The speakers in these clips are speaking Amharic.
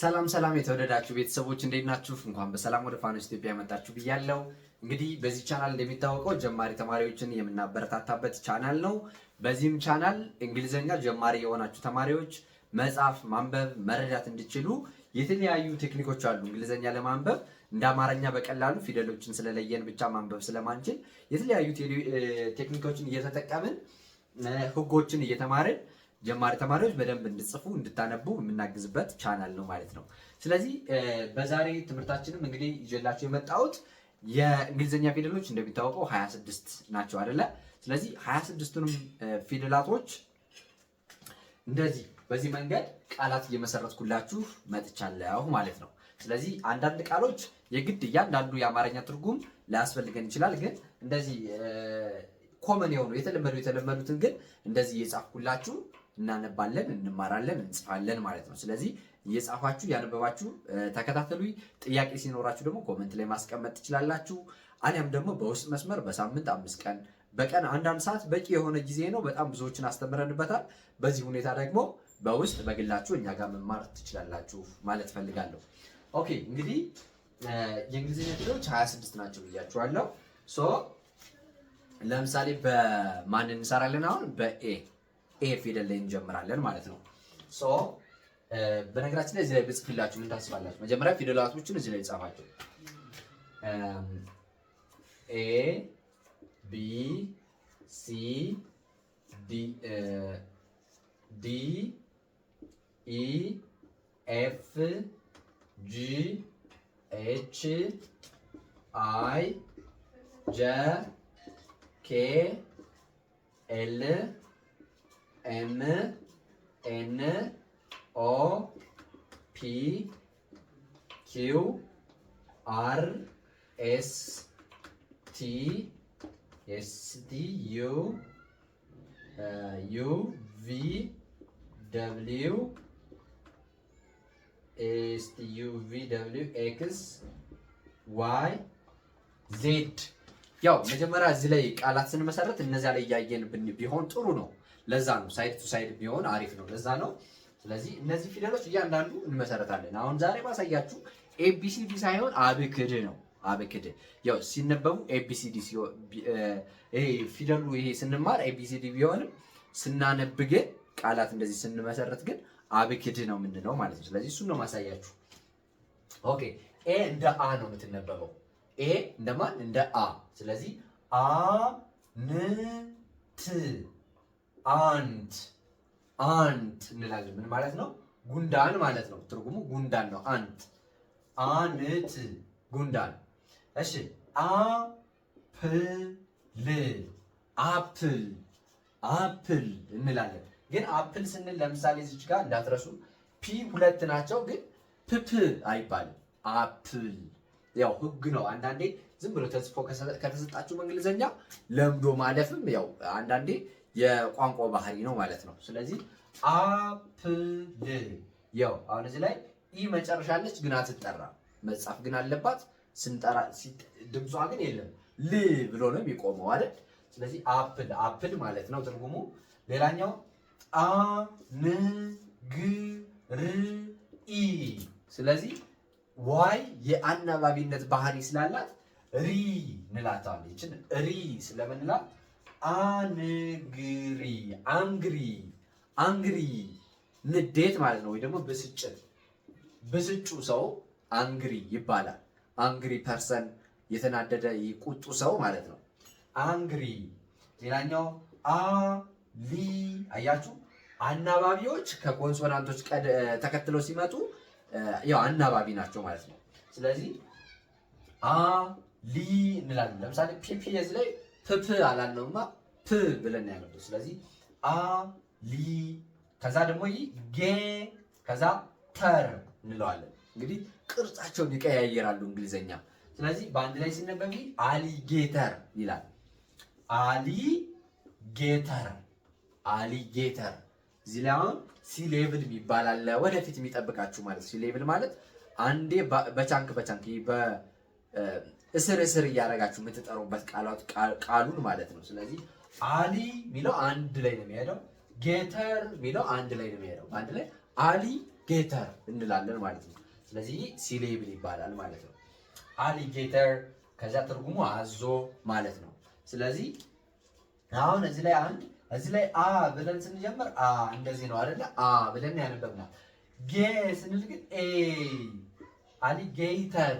ሰላም ሰላም የተወደዳችሁ ቤተሰቦች እንዴት ናችሁ? እንኳን በሰላም ወደ ፋኖስ ኢትዮጵያ መጣችሁ ብያለሁ። እንግዲህ በዚህ ቻናል እንደሚታወቀው ጀማሪ ተማሪዎችን የምናበረታታበት ቻናል ነው። በዚህም ቻናል እንግሊዘኛ ጀማሪ የሆናችሁ ተማሪዎች መጻፍ፣ ማንበብ፣ መረዳት እንዲችሉ የተለያዩ ቴክኒኮች አሉ። እንግሊዝኛ ለማንበብ እንደ አማርኛ በቀላሉ ፊደሎችን ስለለየን ብቻ ማንበብ ስለማንችል የተለያዩ ቴክኒኮችን እየተጠቀምን ህጎችን እየተማርን ጀማሪ ተማሪዎች በደንብ እንድጽፉ እንድታነቡ የምናግዝበት ቻናል ነው ማለት ነው። ስለዚህ በዛሬ ትምህርታችንም እንግዲህ ይዤላቸው የመጣሁት የእንግሊዝኛ ፊደሎች እንደሚታወቀው 26 ናቸው አይደለ? ስለዚህ 26ቱንም ፊደላቶች እንደዚህ በዚህ መንገድ ቃላት እየመሰረትኩላችሁ መጥቻለሁ ማለት ነው። ስለዚህ አንዳንድ ቃሎች የግድ እያንዳንዱ የአማርኛ ትርጉም ላያስፈልገን ይችላል። ግን እንደዚህ ኮመን የሆኑ የተለመዱ የተለመዱትን ግን እንደዚህ እየጻፍኩላችሁ እናነባለን፣ እንማራለን፣ እንጽፋለን ማለት ነው። ስለዚህ እየጻፋችሁ እያነበባችሁ ተከታተሉ። ጥያቄ ሲኖራችሁ ደግሞ ኮመንት ላይ ማስቀመጥ ትችላላችሁ። አሊያም ደግሞ በውስጥ መስመር በሳምንት አምስት ቀን በቀን አንዳንድ ሰዓት በቂ የሆነ ጊዜ ነው። በጣም ብዙዎችን አስተምረንበታል። በዚህ ሁኔታ ደግሞ በውስጥ በግላችሁ እኛ ጋር መማር ትችላላችሁ ማለት ፈልጋለሁ። ኦኬ እንግዲህ የእንግሊዝኛ ፊደሎች 26 ናቸው ብያችኋለሁ። ሶ ለምሳሌ በማን እንሰራለን አሁን በኤ ኤ ፊደል ላይ እንጀምራለን ማለት ነው። ሶ በነገራችን ላይ እዚህ ላይ ብጽፍላችሁ ምን ታስባላችሁ? መጀመሪያ ፊደላቶችን እዚህ ላይ ጻፋቸው። ኤ ቢ ሲ ዲ ኢ ኤፍ ጂ ኤች አይ ጀ ኬ ኤል M N O P Q R S T S T U uh, U V W S T U V W X Y Z ያው መጀመሪያ እዚህ ላይ ቃላት ስንመሰረት እነዚያ ላይ እያየን ቢሆን ጥሩ ነው። ለዛ ነው ሳይድ ቱ ሳይድ ቢሆን አሪፍ ነው። ለዛ ነው። ስለዚህ እነዚህ ፊደሎች እያንዳንዱ እንመሰረታለን። አሁን ዛሬ ማሳያችሁ ኤቢሲዲ ሳይሆን አብክድ ነው። አብክድ ያው ሲነበቡ ኤቢሲዲ ሲሆን ይሄ ፊደሉ ይሄ ስንማር ኤቢሲዲ ቢሆንም ስናነብ ግን ቃላት እንደዚህ ስንመሰረት ግን አብክድ ነው ምንድነው ማለት ነው። ስለዚህ እሱን ነው ማሳያችሁ። ኦኬ ኤ እንደ አ ነው የምትነበበው ኤ እንደማን እንደ አ። ስለዚህ አ ን ት አንት አንት እንላለን። ምን ማለት ነው? ጉንዳን ማለት ነው። ትርጉሙ ጉንዳን ነው። አንት አንት ጉንዳን። እሺ አፕል አፕል አፕል እንላለን። ግን አፕል ስንል ለምሳሌ እዚች ጋር እንዳትረሱ ፒ ሁለት ናቸው፣ ግን ፕፕ አይባልም። አፕል ያው ህግ ነው። አንዳንዴ ዝም ብሎ ተጽፎ ከተሰጣችሁ በእንግሊዝኛ ለምዶ ማለፍም ያው አንዳንዴ የቋንቋ ባህሪ ነው ማለት ነው። ስለዚህ አፕል ያው አሁን እዚህ ላይ ኢ መጨረሻ አለች ግን አትጠራ መጻፍ ግን አለባት። ስንጠራ ድምጿ ግን የለም ል ብሎ ነው የሚቆመው አይደል? ስለዚህ አፕል አፕል ማለት ነው ትርጉሙ። ሌላኛው አ ን ግ ር ኢ ስለዚህ ዋይ የአናባቢነት ባህሪ ስላላት ሪ እንላታለን። ይችን ሪ ስለምንላት አንግሪ አንግሪ አንግሪ ንዴት ማለት ነው፣ ወይ ደግሞ ብስጭት። ብስጩ ሰው አንግሪ ይባላል። አንግሪ ፐርሰን የተናደደ ቁጡ ሰው ማለት ነው። አንግሪ ሌላኛው አ ሊ አያችሁ፣ አናባቢዎች ከኮንሶናንቶች ተከትለው ሲመጡ ያው አናባቢ ናቸው ማለት ነው። ስለዚህ አ ሊ እንላለን። ለምሳሌ ፒፒኤስ ላይ ፕፕ አላለውማ ፕ ብለን ያነበው። ስለዚህ አ ሊ ከዛ ደግሞ ይ ጌ ከዛ ተር እንለዋለን። እንግዲህ ቅርጻቸውን ይቀያየራሉ እንግሊዘኛ። ስለዚህ በአንድ ላይ ሲነበብ አሊጌተር ይላል። አሊጌተር አሊጌተር እዚህ ላይ አሁን ሲ ሌቭል የሚባል አለ፣ ወደፊት የሚጠብቃችሁ ማለት ሲ ሌቭል ማለት አንዴ በቻንክ በቻንክ እስር እስር እያደረጋችሁ የምትጠሩበት ቃሉን ማለት ነው። ስለዚህ አሊ የሚለው አንድ ላይ ነው የሚሄደው፣ ጌተር የሚለው አንድ ላይ ነው የሚሄደው። አንድ ላይ አሊ ጌተር እንላለን ማለት ነው። ስለዚህ ሲ ይባላል ማለት ነው። አሊ ጌተር ከዚያ ትርጉሙ አዞ ማለት ነው። ስለዚህ አሁን እዚህ ላይ አንድ እዚህ ላይ አ ብለን ስንጀምር አ እንደዚህ ነው አይደለ? አ ብለን ያነበብናል። ጌ ስንል ግን ኤ አሊጌተር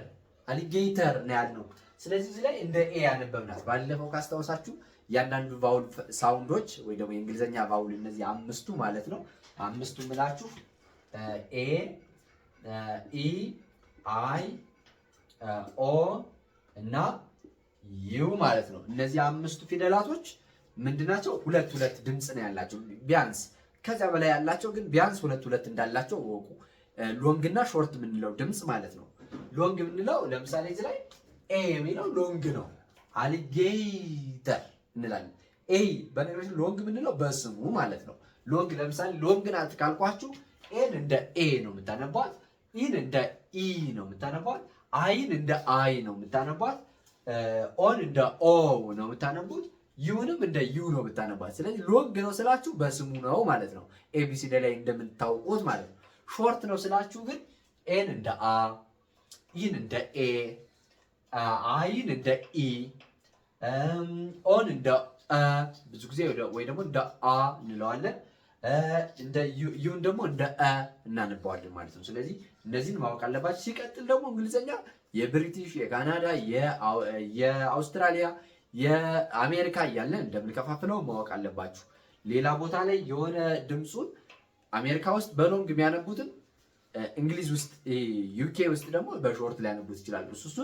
አሊጌተር ነው ያልነው። ስለዚህ እዚህ ላይ እንደ ኤ ያነበብናት። ባለፈው ካስታወሳችሁ እያንዳንዱ ቫውል ሳውንዶች ወይ ደግሞ የእንግሊዝኛ ቫውል እነዚህ አምስቱ ማለት ነው። አምስቱ ምላችሁ ኤ፣ ኢ፣ አይ፣ ኦ እና ዩ ማለት ነው። እነዚህ አምስቱ ፊደላቶች ምንድናቸው? ሁለት ሁለት ድምፅ ነው ያላቸው ቢያንስ ከዚያ በላይ ያላቸው ግን ቢያንስ ሁለት ሁለት እንዳላቸው ወቁ። ሎንግ እና ሾርት የምንለው ድምፅ ማለት ነው። ሎንግ የምንለው ለምሳሌ እዚህ ላይ ኤ የሚለው ሎንግ ነው። አልጌተር እንላለን። ኤ በነገራችን ሎንግ የምንለው በስሙ ማለት ነው። ሎንግ ለምሳሌ ሎንግ ናት ካልኳችሁ ኤን እንደ ኤ ነው የምታነቧት፣ ኢን እንደ ኢ ነው የምታነቧት፣ አይን እንደ አይ ነው የምታነቧት፣ ኦን እንደ ኦ ነው የምታነቡት ይሁንም እንደ ዩ ነው ብታነባት። ስለዚህ ሎንግ ነው ስላችሁ በስሙ ነው ማለት ነው፣ ኤቢሲዲ ላይ እንደምታውቁት ማለት ነው። ሾርት ነው ስላችሁ ግን ኤን እንደ አ፣ ይን እንደ ኤ፣ አይን እንደ ኢ፣ ኦን እንደ ብዙ ጊዜ ወይ ደግሞ እንደ አ እንለዋለን። ዩን ደግሞ እንደ አ እናነባዋለን ማለት ነው። ስለዚህ እነዚህን ማወቅ አለባችሁ። ሲቀጥል ደግሞ እንግሊዘኛ የብሪቲሽ፣ የካናዳ፣ የአውስትራሊያ የአሜሪካ እያለን እንደምንከፋፍለው ማወቅ አለባችሁ። ሌላ ቦታ ላይ የሆነ ድምፁን አሜሪካ ውስጥ በሎንግ የሚያነቡትን እንግሊዝ ውስጥ ዩኬ ውስጥ ደግሞ በሾርት ሊያነቡት ይችላሉ። እሱ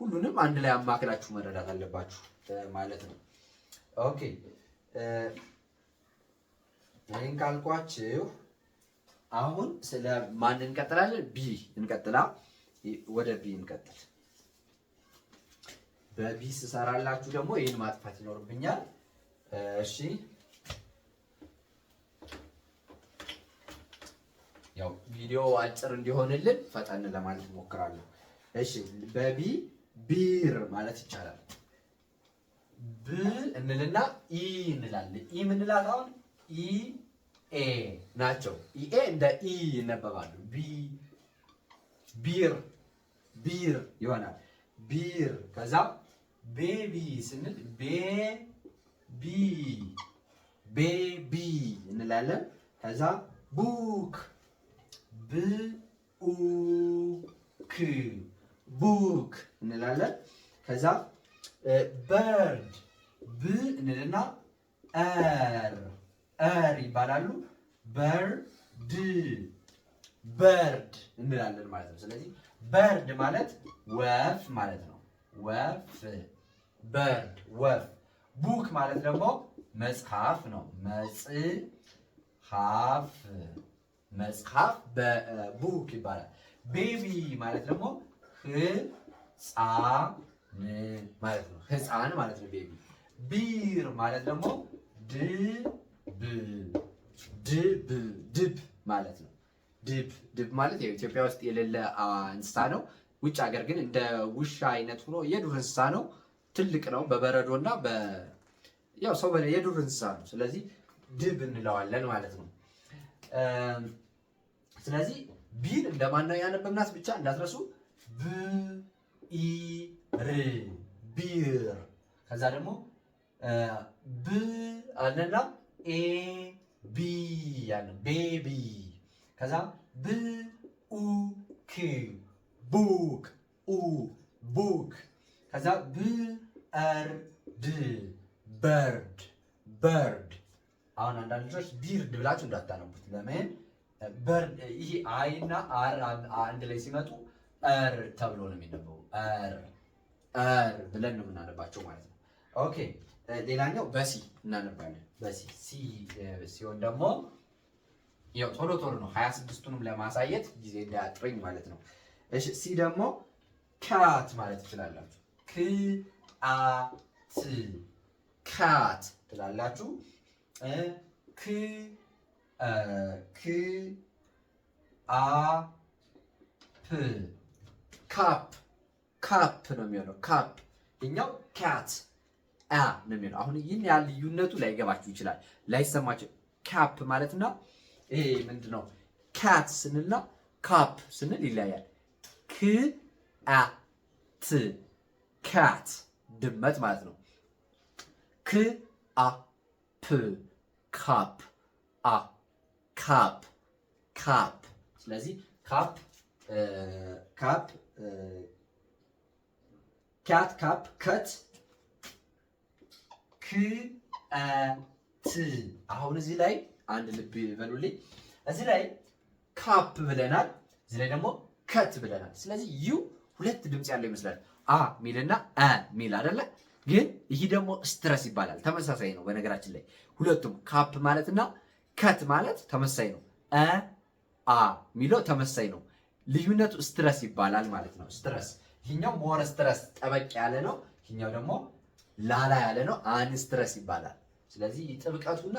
ሁሉንም አንድ ላይ አማክላችሁ መረዳት አለባችሁ ማለት ነው። ኦኬ ይህን ካልኳችሁ አሁን ስለ ማን እንቀጥላለን? ቢ እንቀጥላ ወደ ቢ እንቀጥል። በቢስ ሰራላችሁ ደግሞ ይህን ማጥፋት ይኖርብኛል። እሺ ያው ቪዲዮ አጭር እንዲሆንልን ፈጠን ለማለት እሞክራለሁ። እሺ በቢ ቢር ማለት ይቻላል። ብ እንልና ኢ እንላለን። ኢ ምንላት አሁን ኢ ኤ ናቸው። ኢ ኤ እንደ ኢ ይነበባሉ። ቢ ቢር ቢር ይሆናል። ቢር ከዛ ቤቢ ስንል ቤቢ ቤቢ እንላለን። ከዛ ቡክ ብኡክ ቡክ እንላለን። ከዛ በርድ ብ እንልና ር ር ይባላሉ። በርድ በርድ እንላለን ማለት ነው። ስለዚህ በርድ ማለት ወፍ ማለት ነው። ወፍ በርድ ወፍ። ቡክ ማለት ደግሞ መጽሐፍ ነው። መጽሐፍ መጽሐፍ ቡክ ይባላል። ቤቢ ማለት ደግሞ ህፃን ማለት ነው። ህፃን ማለት ነው ቤቢ። ቢር ማለት ደግሞ ድብ ድብ ድብ ማለት ነው። ድብ ድብ ማለት የኢትዮጵያ ውስጥ የሌለ እንስሳ ነው። ውጭ ሀገር ግን እንደ ውሻ አይነት ሆኖ የዱር እንስሳ ነው። ትልቅ ነው። በበረዶ እና ያው ሰው የዱር እንስሳ ነው። ስለዚህ ድብ እንለዋለን ማለት ነው። ስለዚህ ቢን እንደማን ነው ያነበብናት? ብቻ እንዳትረሱ። ብኢር ቢር። ከዛ ደግሞ ብ አለና ኤ ቢ ያለ ቤቢ። ከዛ ብ ኡ ክ ቡክ ኡ ቡክ ከዛ ብርድ በርድ በርድ። አሁን አንዳንድ ልጆች ቢርድ ብላችሁ እንዳታነቡት። ለምን በርድ ይሄ አይ እና አር አንድ ላይ ሲመጡ ር ተብሎ ነው የሚነበው። ር ብለን ነው የምናነባቸው ማለት ነው። ኦኬ ሌላኛው በሲ እናነባለን። በሲ ሲ ሲሆን ደግሞ ያው ቶሎ ቶሎ ነው ሀያ ስድስቱንም ለማሳየት ጊዜ እንዳያጥረኝ ማለት ነው። እሺ ሲ ደግሞ ካት ማለት ትችላላችሁ። ክጣት ካት ትላላችሁ። ክ ክ አ ፕ ካፕ ካፕ ነው የሚሆነው። ካፕ የኛው ካት አ ነው የሚሆነው። አሁን ይህን ያህል ልዩነቱ ላይገባችሁ ይችላል፣ ላይሰማችሁ። ካፕ ማለትና ይሄ ምንድን ነው? ካት ስንልና ካፕ ስንል ይለያል። ክ አ ት ካት ድመት ማለት ነው። ክ አ ፕ ካፕ አ ካፕ ካፕ። ስለዚህ ካፕ ካፕ ካት ካፕ ከት ክት። አሁን እዚህ ላይ አንድ ልብ ይበሉልኝ። እዚህ ላይ ካፕ ብለናል፣ እዚህ ላይ ደግሞ ከት ብለናል። ስለዚህ ዩ ሁለት ድምፅ ያለው ይመስላል። አ ሚልና አ ሚል አይደለ? ግን ይህ ደግሞ ስትረስ ይባላል። ተመሳሳይ ነው። በነገራችን ላይ ሁለቱም ካፕ ማለትና ከት ማለት ተመሳሳይ ነው። አ አ ሚለው ተመሳሳይ ነው። ልዩነቱ ስትረስ ይባላል ማለት ነው። ስትረስ ይህኛው ሞር ስትረስ ጠበቅ ያለ ነው። ይህኛው ደግሞ ላላ ያለ ነው። አን ስትረስ ይባላል። ስለዚህ ጥብቀቱና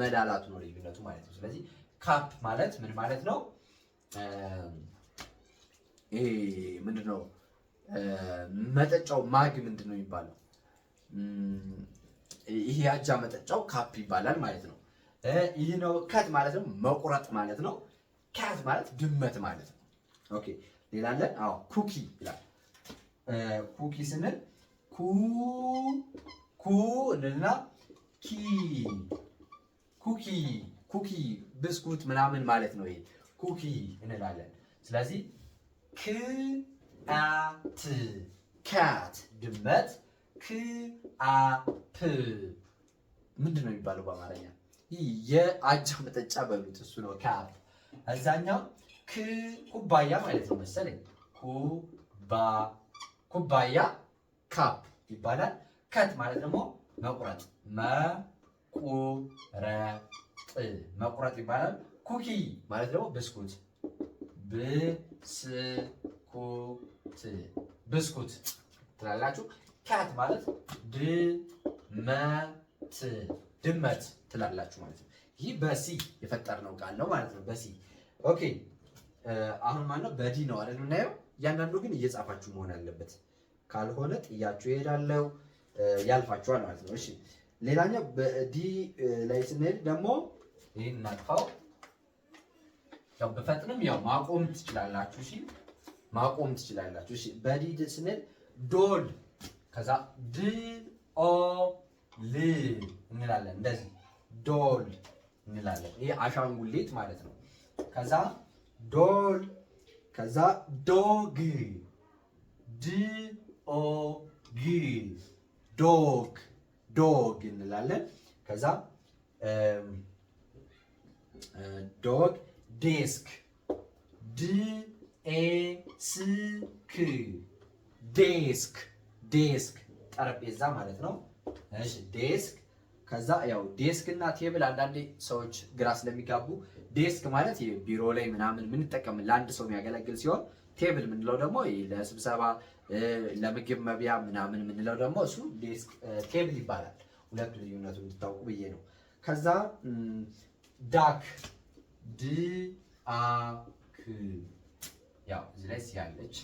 መላላቱ ነው ልዩነቱ ማለት ነው። ስለዚህ ካፕ ማለት ምን ማለት ነው? ምንድን ነው መጠጫው ማግ ምንድን ነው የሚባለው? ይሄ አጃ መጠጫው ካፕ ይባላል ማለት ነው። ይህ ነው ከት ማለት ነው፣ መቁረጥ ማለት ነው። ከት ማለት ድመት ማለት ነው። ኦኬ ሌላ አለ። አዎ ኩኪ ይላል። ኩኪ ስንል ኩ ኩ እንልና ኪ ኩኪ ኩኪ ብስኩት ምናምን ማለት ነው። ይሄ ኩኪ እንላለን። ስለዚህ ክ ካት ካት ድመት ክአፕ ምንድን ነው የሚባለው በአማርኛ? ይህ የአጃ መጠጫ በሉት እሱ ነው ካፕ። እዛኛው ኩባያ ማለት ነው መሰለኝ። ኩባያ ካፕ ይባላል። ከት ማለት ደግሞ መቁረጥ መቁረጥ መቁረጥ ይባላል። ኩኪ ማለት ደግሞ ብስኩት ብስኩ ብስኩት ብስኩት ትላላችሁ። ካት ማለት ድመት ድመት ትላላችሁ ማለት ነው። ይህ በሲ የፈጠርነው ቃል ነው ማለት ነው። በሲ ኦኬ። አሁን ማነው በዲ ነው አይደል የምናየው። እያንዳንዱ ግን እየጻፋችሁ መሆን አለበት፣ ካልሆነ ጥያችሁ ይሄዳለው ያልፋችኋል ማለት ነው። እሺ ሌላኛው በዲ ላይ ስንሄድ ደግሞ ይህን እናጥፋው። ያው በፈጥንም ያው ማቆም ትችላላችሁ ሲል ማቆም ትችላላችሁ። እሺ በዲድ ስንል ዶል ከዛ ድ ኦ ል እንላለን። እንደዚህ ዶል እንላለን። ይሄ አሻንጉሊት ማለት ነው። ከዛ ዶል ከዛ ዶግ ድ ኦ ግ ዶግ ዶግ እንላለን። ከዛ ዶግ ዴስክ ድ ኤስክ ዴስክ ዴስክ ጠረጴዛ ማለት ነው። እሺ ዴስክ ከዛ ያው ዴስክ እና ቴብል አንዳንዴ ሰዎች ግራ ስለሚጋቡ ዴስክ ማለት ቢሮ ላይ ምናምን የምንጠቀም ለአንድ ሰው የሚያገለግል ሲሆን ቴብል የምንለው ደግሞ ለስብሰባ ለምግብ መብያ ምናምን የምንለው ደግሞ እሱ ዴስክ ቴብል ይባላል። ሁለቱ ልዩነቱ እንድታውቁ ብዬ ነው። ከዛ ዳክ ድ አ ያው እዚህ ላይ ሲያለች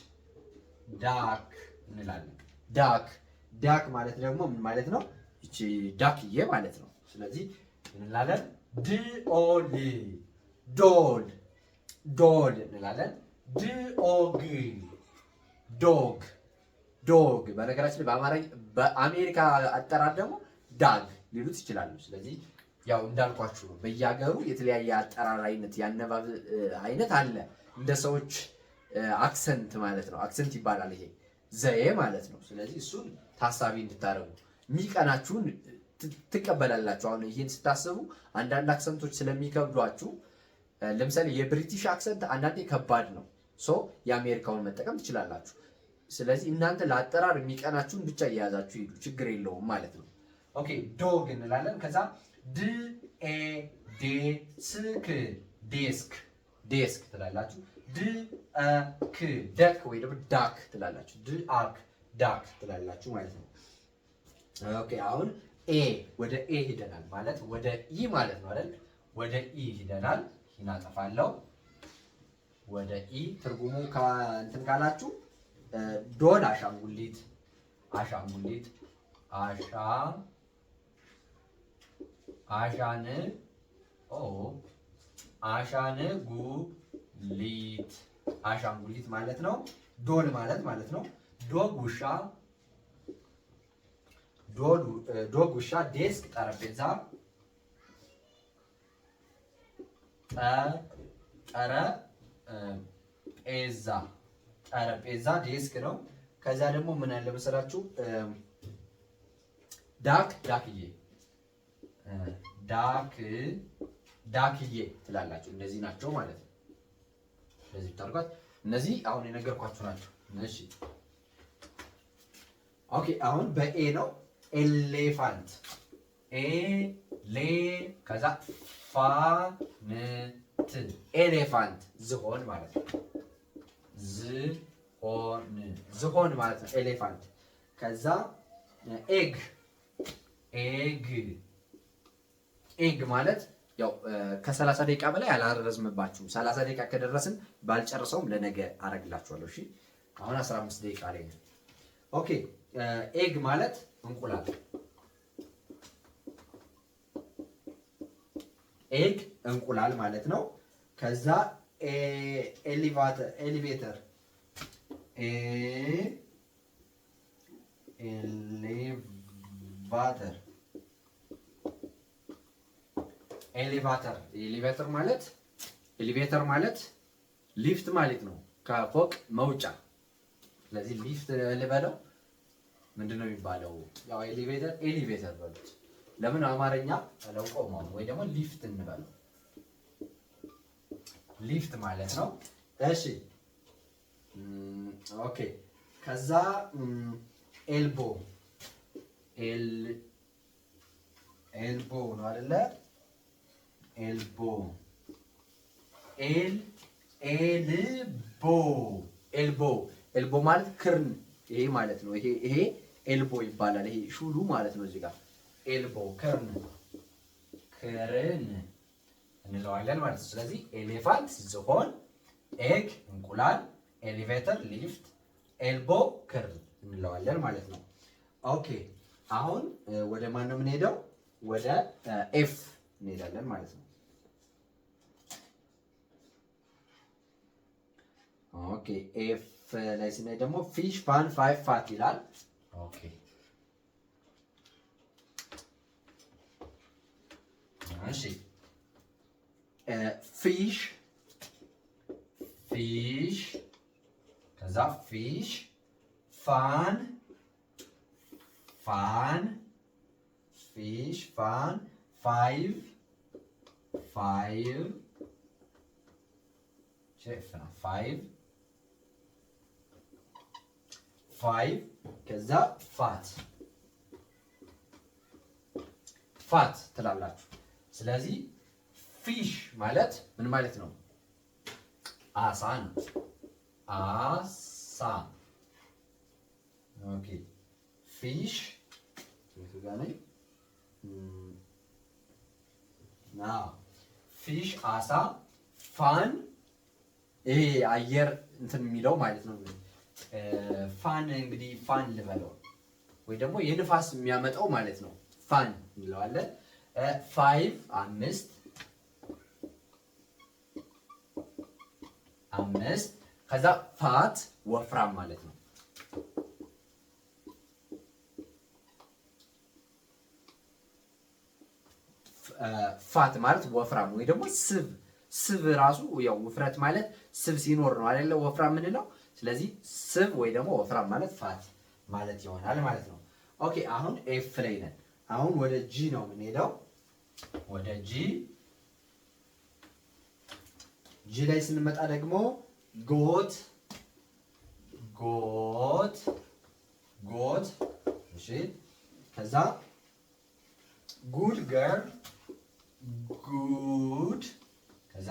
ዳክ እንላለን። ዳክ ዳክ ማለት ደግሞ ምን ማለት ነው? እቺ ዳክዬ ማለት ነው። ስለዚህ እንላለን ዲኦል ዶል ዶል እንላለን። ዲኦግ ዶግ ዶግ። በነገራችን በአሜሪካ አጠራር ደግሞ ዳግ ሊሉት ይችላሉ። ስለዚህ ያው እንዳልኳችሁ ነው። በየሀገሩ የተለያየ አጠራር አይነት ያነባብ አይነት አለ እንደ ሰዎች አክሰንት ማለት ነው። አክሰንት ይባላል ይሄ ዘዬ ማለት ነው። ስለዚህ እሱን ታሳቢ እንድታደርጉ የሚቀናችሁን ትቀበላላችሁ። አሁን ይህን ስታስቡ አንዳንድ አክሰንቶች ስለሚከብዷችሁ፣ ለምሳሌ የብሪቲሽ አክሰንት አንዳንዴ ከባድ ነው። ሶ የአሜሪካውን መጠቀም ትችላላችሁ። ስለዚህ እናንተ ለአጠራር የሚቀናችሁን ብቻ እየያዛችሁ ሂዱ፣ ችግር የለውም ማለት ነው። ኦኬ ዶግ እንላለን። ከዛ ድ ኤ ስክ ዴስክ ዴስክ ትላላችሁ ድክ ደክ ወይ ደግሞ ዳክ ትላላችሁ። ድአክ ዳክ ትላላችሁ ማለት ነው። ኦኬ አሁን ኤ ወደ ኤ ሂደናል ማለት ወደ ኢ ማለት ነው አይደል? ወደ ኢ ሂደናል። ሂና ጠፋለው ወደ ኢ ትርጉሙ እንትን ካላችሁ ዶን አሻንጉሊት አሻንጉሊት አሻ አሻን ኦ አሻን ጉ ሊት አሻንጉሊት ማለት ነው። ዶል ማለት ማለት ነው። ዶግ ውሻ፣ ዶግ ውሻ፣ ዴስክ ጠረጴዛ፣ ጠረጴዛ ጠረጴዛ ዴስክ ነው። ከዛ ደግሞ ምን አለ መሰላችሁ? ዳክ ዳክዬ ዳክ ዳክዬ ትላላችሁ። እንደዚህ ናቸው ማለት ነው። እንደዚህ ብታርጓት እነዚህ አሁን የነገርኳችሁ ናቸው። እሺ ኦኬ። አሁን በኤ ነው ኤሌፋንት ኤ ሌ ከዛ ፋንትን ኤሌፋንት ዝሆን ማለት ነው። ዝሆን ዝሆን ማለት ነው ኤሌፋንት። ከዛ ኤግ ኤግ ኤግ ማለት ያው ከ30 ደቂቃ በላይ አላረዝምባችሁ። 30 ደቂቃ ከደረስን ባልጨርሰውም ለነገ አረግላችኋለሁ። እሺ አሁን 15 ደቂቃ ላይ ነው። ኦኬ ኤግ ማለት እንቁላል። ኤግ እንቁላል ማለት ነው። ከዛ ኤሊቬተር ኤሌቫተር ኤሌቫተር ኤሌቫተር ማለት ኤሌቬተር ማለት ሊፍት ማለት ነው፣ ከፎቅ መውጫ። ስለዚህ ሊፍት ልበለው ምንድን ነው የሚባለው? ያው ኤሌቬተር ኤሌቬተር በሉት። ለምን አማርኛ ተለውቆም ወይ ደግሞ ሊፍት እንበለው፣ ሊፍት ማለት ነው። እሺ ኦኬ። ከዛ ኤልቦ ኤል ኤልቦ ነው አይደለ? ኤልቦ ኤል ኤልቦ ኤልቦ ኤልቦ ማለት ክርን ይሄ ማለት ነው። ይሄ ይሄ ኤልቦ ይባላል። ይሄ ሹሉ ማለት ነው። እዚህ ጋር ኤልቦ ክርን ክርን እንለዋለን ማለት ነው። ስለዚህ ኤሌፋንት ዝሆን፣ ኤግ እንቁላል፣ ኤሌቬተር ሊፍት፣ ኤልቦ ክርን እንለዋለን ማለት ነው። ኦኬ አሁን ወደ ማን ነው የምንሄደው? ወደ ኤፍ እንሄዳለን ማለት ነው። Okay, F laisinedamo eh, fish pan five fatilal. Okay. Mashik. Uh, eh, fish. Fish. ከዛ Fan. ፋን ፋን Five. ፋን ፋይቭ ፋይቭ ፋይቭ ፋይቭ ከዛ ፋት ፋት ትላላችሁ። ስለዚህ ፊሽ ማለት ምን ማለት ነው? አሳ ነው። አሳ ኦኬ። ፊሽ ፊሽ አሳ ፋን ይሄ አየር እንትን የሚለው ማለት ነው። ፋን እንግዲህ ፋን ልበለው ወይ ደግሞ የንፋስ የሚያመጣው ማለት ነው። ፋን እንለዋለን። ፋይቭ አምስት አምስት ከዛ ፋት ወፍራም ማለት ነው። ፋት ማለት ወፍራም ወይ ደግሞ ስብ ስብ ራሱ ያው ውፍረት ማለት ስብ ሲኖር ነው አይደለ? ወፍራም ምንለው ስለዚህ ስብ ወይ ደግሞ ወፍራም ማለት ፋት ማለት ይሆናል ማለት ነው። ኦኬ አሁን ኤፍ ላይ ነን። አሁን ወደ ጂ ነው የምንሄደው። ወደ ጂ ጂ ላይ ስንመጣ ደግሞ ጎት ጎት ጎት እሺ፣ ከዛ ጉድ ገር ጉድ ከዛ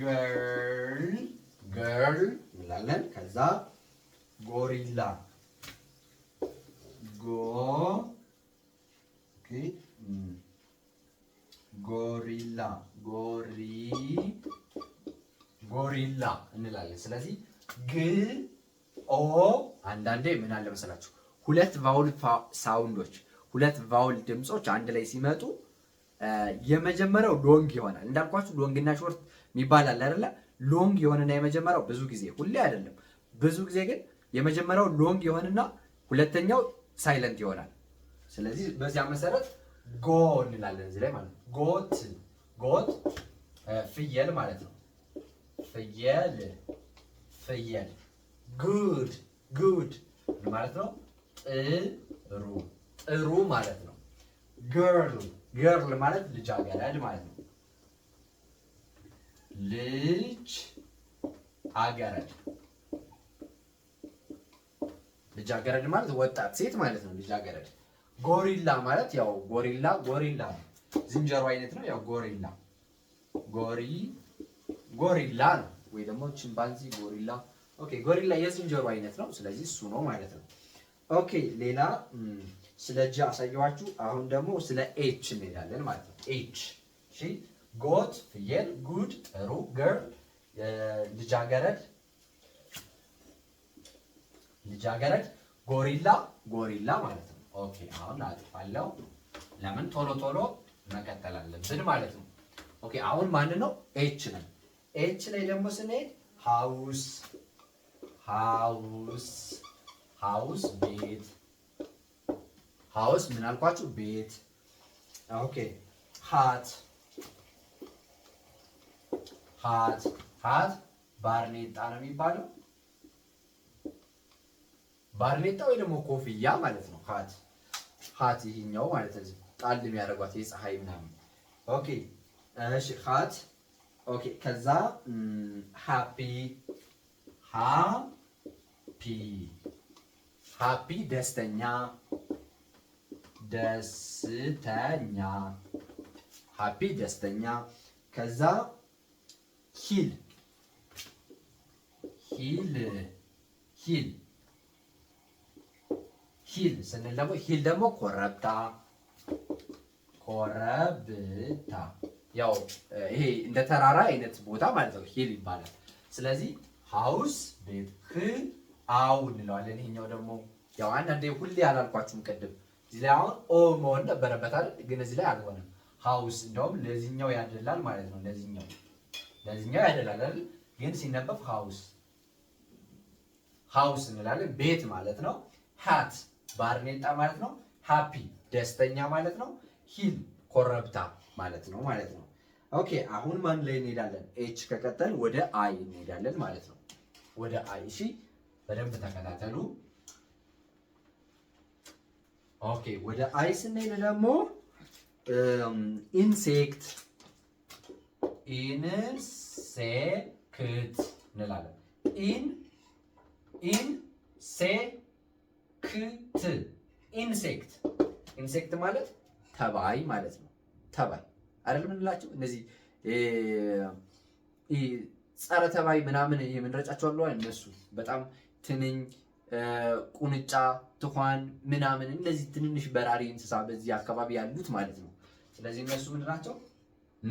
ገርል ገርል እንላለን። ከዛ ጎሪላ ጎ ጎሪላ ጎሪ ጎሪላ እንላለን። ስለዚህ ግ ኦ አንዳንዴ ምን አለ መሰላችሁ ሁለት ቫውል ሳውንዶች ሁለት ቫውል ድምጾች አንድ ላይ ሲመጡ የመጀመሪያው ዶንግ ይሆናል። እንዳልኳችሁ ዶንግና ሾርት የሚባል አለ አይደለ? ሎንግ የሆነና የመጀመሪያው ብዙ ጊዜ ሁሌ አይደለም፣ ብዙ ጊዜ ግን የመጀመሪያው ሎንግ የሆነና ሁለተኛው ሳይለንት ይሆናል። ስለዚህ በዚያ መሰረት ጎ እንላለን እዚህ ላይ ማለት ነው። ጎት ጎት ፍየል ማለት ነው። ፍየል ፍየል ጉድ ጉድ ማለት ነው። ጥሩ ጥሩ ማለት ነው። ገርል ገርል ማለት ልጃገረድ ማለት ነው። ልጅ አገረድ ልጅ አገረድ ማለት ወጣት ሴት ማለት ነው። ልጅ አገረድ ጎሪላ ማለት ያው ጎሪላ ጎሪላ ዝንጀሮ አይነት ነው። ያው ጎሪላ ጎሪ ጎሪላ ነው ወይ ደግሞ ቺምፓንዚ ጎሪላ። ኦኬ ጎሪላ የዝንጀሮ አይነት ነው። ስለዚህ እሱ ነው ማለት ነው። ኦኬ ሌላ ስለ ጂ አሳየኋችሁ። አሁን ደግሞ ስለ ኤች እንሄዳለን ማለት ነው። ኤች እሺ ጎት ፍየል፣ ጉድ ጥሩ፣ ገርል ልጃገረድ ልጃገረድ፣ ጎሪላ ጎሪላ ማለት ነው። ኦኬ አሁን አጥፋለሁ። ለምን ቶሎ ቶሎ መቀጠል አለብን ማለት ነው። ኦኬ አሁን ማን ነው? ኤች ነው። ኤች ላይ ደግሞ ስንሄድ ሃውስ ሃውስ ሃውስ ቤት ሃውስ ምን አልኳችሁ? ቤት ኦኬ ሃት ሀት ሀት ባርኔጣ ነው የሚባለው። ባርኔጣ ወይ ደግሞ ኮፍያ ማለት ነው። ሀት ሀት ይሄኛው ማለት ነው። ጣል የሚያደርጓት የፀሐይ ምናምን። ኦኬ እሺ፣ ሀት ኦኬ። ከዛ ሃፒ ሃፒ ሃፒ ደስተኛ ደስተኛ ሃፒ ደስተኛ ከዛ ሂል ሂል ሂል ሂል ስንል ደግሞ ሂል ደግሞ ኮረብታ ኮረብታ ያው ይሄ እንደ ተራራ አይነት ቦታ ማለት ነው። ሂል ይባላል። ስለዚህ ሀውስ ቤት ህል አው እንለዋለን። ይሄኛው ደግሞ ያው አንዳንዴ ሁሌ አላልኳችሁም ቅድም እዚህ ላይ አሁን ኦ መሆን ነበረበታል፣ ግን እዚህ ላይ አልሆነም። ሃውስ እንደውም ለዚህኛው ያደላል ማለት ነው ለዚህኛው ለዚህኛው ያደላል ግን ሲነበብ ሃውስ ሃውስ እንላለን። ቤት ማለት ነው። ሃት ባርኔጣ ማለት ነው። ሃፒ ደስተኛ ማለት ነው። ሂል ኮረብታ ማለት ነው ማለት ነው። ኦኬ አሁን ማን ላይ እንሄዳለን? ኤች ከቀጠል ወደ አይ እንሄዳለን ማለት ነው። ወደ አይ። እሺ በደንብ ተከታተሉ። ኦኬ ወደ አይ ስንሄድ ደግሞ ኢንሴክት ኢንሴክት እንላለን። ኢን ክት ኢንሴክት ኢንሴክት ማለት ተባይ ማለት ነው። ተባይ አይደለም እንላቸው እነዚህ ጸረ ተባይ ምናምን የምንረጫቸው አሉ። እነሱ በጣም ትንኝ፣ ቁንጫ፣ ትኋን ምናምን እነዚህ ትንንሽ በራሪ እንስሳ በዚህ አካባቢ ያሉት ማለት ነው። ስለዚህ እነሱ ምንድን ናቸው?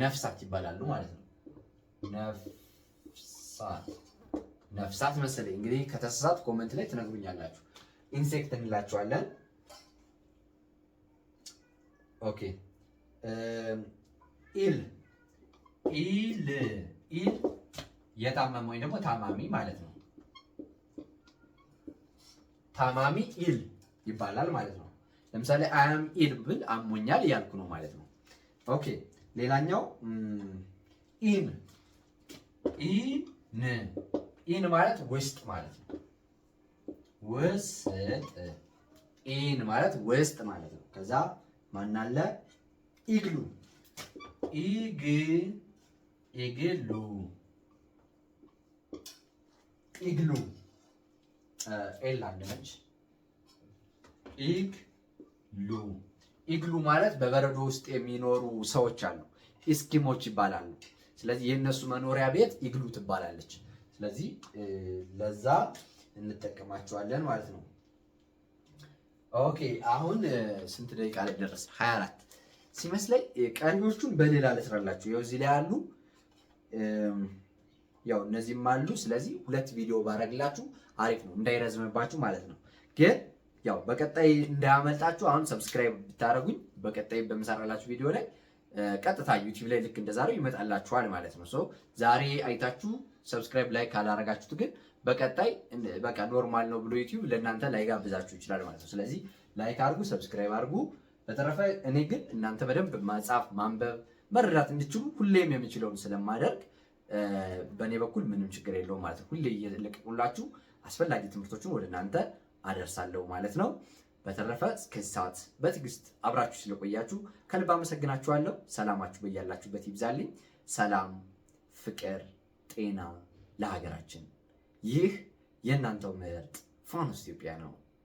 ነፍሳት ይባላሉ ማለት ነው። ነፍሳት ነፍሳት መሰለኝ እንግዲህ ከተሳሳት ኮመንት ላይ ትነግሩኛላችሁ። ኢንሴክት እንላቸዋለን። ኦኬ ኢል ኢል ኢል የታመመ ወይ ደግሞ ታማሚ ማለት ነው። ታማሚ ኢል ይባላል ማለት ነው። ለምሳሌ አያም ኢል ብል አሞኛል እያልኩ ነው ማለት ነው። ኦኬ ሌላኛው ኢን ኢን ኢን ማለት ውስጥ ማለት ነው። ውስጥ ኢን ማለት ውስጥ ማለት ነው። ከዛ ማናለ ኢግሉ ኢግ ኢግሉ ኢግሉ ኤል አለች ኢግሉ ኢግሉ ማለት በበረዶ ውስጥ የሚኖሩ ሰዎች አሉ። ኢስኪሞች ይባላሉ። ስለዚህ የእነሱ መኖሪያ ቤት ኢግሉ ትባላለች። ስለዚህ ለዛ እንጠቀማቸዋለን ማለት ነው። ኦኬ አሁን ስንት ደቂቃ ላይ ደረስ? 24 ሲመስለኝ። ቀሪዎቹን በሌላ ልስራላችሁ። ያው እዚህ ላይ አሉ፣ ያው እነዚህም አሉ። ስለዚህ ሁለት ቪዲዮ ባረግላችሁ አሪፍ ነው፣ እንዳይረዝምባችሁ ማለት ነው። ግን ያው በቀጣይ እንዳያመልጣችሁ አሁን ሰብስክራይብ ብታደረጉኝ በቀጣይ በምሰራላችሁ ቪዲዮ ላይ ቀጥታ ዩቲዩብ ላይ ልክ እንደዛሬው ይመጣላችኋል ማለት ነው። ሰው ዛሬ አይታችሁ ሰብስክራይብ ላይ ካላረጋችሁት ግን በቀጣይ በቃ ኖርማል ነው ብሎ ዩቲዩብ ለእናንተ ላይጋብዛችሁ ይችላል ማለት ነው። ስለዚህ ላይክ አድርጉ፣ ሰብስክራይብ አድርጉ። በተረፈ እኔ ግን እናንተ በደንብ መጻፍ፣ ማንበብ፣ መረዳት እንድችሉ ሁሌም የምችለውን ስለማደርግ በእኔ በኩል ምንም ችግር የለውም ማለት ነው። ሁሌ እየለቀቁላችሁ አስፈላጊ ትምህርቶችን ወደ እናንተ አደርሳለሁ ማለት ነው። በተረፈ እስከዚህ ሰዓት በትዕግስት አብራችሁ ስለቆያችሁ ከልብ አመሰግናችኋለሁ። ሰላማችሁ በያላችሁበት ይብዛልኝ። ሰላም፣ ፍቅር፣ ጤና ለሀገራችን። ይህ የእናንተው ምርጥ ፋኖስ ኢትዮጵያ ነው።